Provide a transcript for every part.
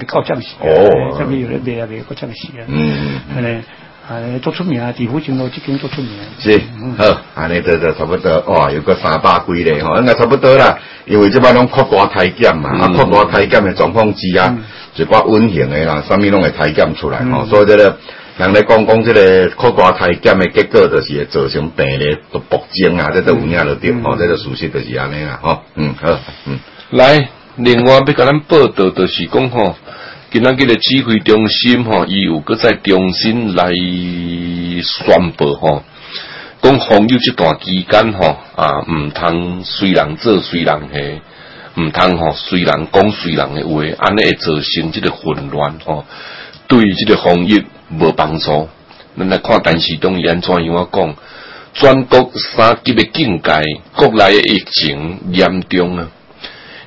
個真事，咁樣有啲病啊，係個真嘅事啊。係咧，係做出名啊，地方轉到浙江做出名啊。是，好，安尼對對，差不多，哇，有個三百幾咧，嗬，應該差不多啦。因為即擺攏擴大胎檢嘛，擴大胎檢嘅狀況之下，就啲温型嘅啦，什麼都會胎檢出來哦，所以即個。人來講講即個擴大胎檢嘅結果，就是會造成病咧，都暴增啊，即個有影就對哦，即個事實就是安尼啦。嗯，好，嗯，來另外要講，咱報道就是講吼。今仔日誒指揮中心吼，又佫在中心來宣布吼，講防疫即段期間吼，啊毋通隨人做隨人係，毋通吼，隨人講隨人誒話安尼會造成即個混亂吼、哦，對即個防疫無幫助。咱來看電視中伊安怎樣啊，講全國三級嘅警戒，國內的疫情嚴重啊！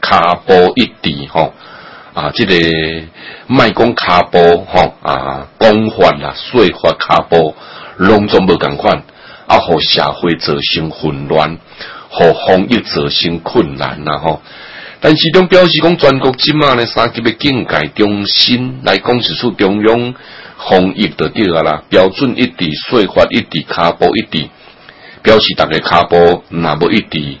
骹步一致吼，啊，即、這個唔講骹步吼，啊，工款啊說法骹步攏總無共款，啊，互社會造成混亂，互防疫造成困難啦吼、啊，但係啲表示講全國即嘛咧三級嘅警戒中心，來講係出中央防疫着得啊啦，標準一致，說法一致，骹步一致，表示逐個骹步若無一致。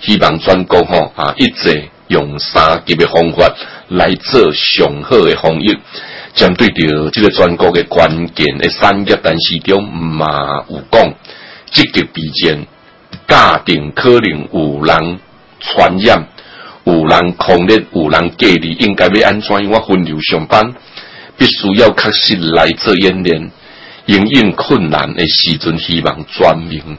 希望全國吼啊，一直用三級的方法來做上好的防疫。針對着即個全國嘅關鍵嘅三級，但是着唔嘛有講，積極備戰，假定可能有人傳染，有人控制，有人隔離，應該要安怎？我分流上班，必須要確實來做演練。因應困難嘅時陣，希望全民。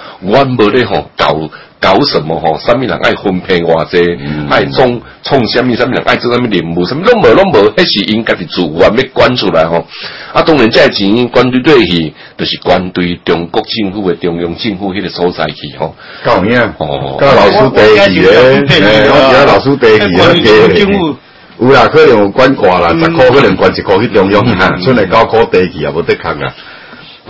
我冇咧吼，搞搞什麼吼，什麼人愛分配我這，愛種種什麼？什麼人愛做什麼任務？什麼攏冇？攏冇？那是因家己主管要管出來吼。啊，當然這錢管對對去，就是管對中國政府的中央政府迄個所在去吼。敢有影？哦，啊、老師的、啊、老師的政府的有啦可能十、嗯、可能管一去中央啊，嗯嗯出來冇得看啊。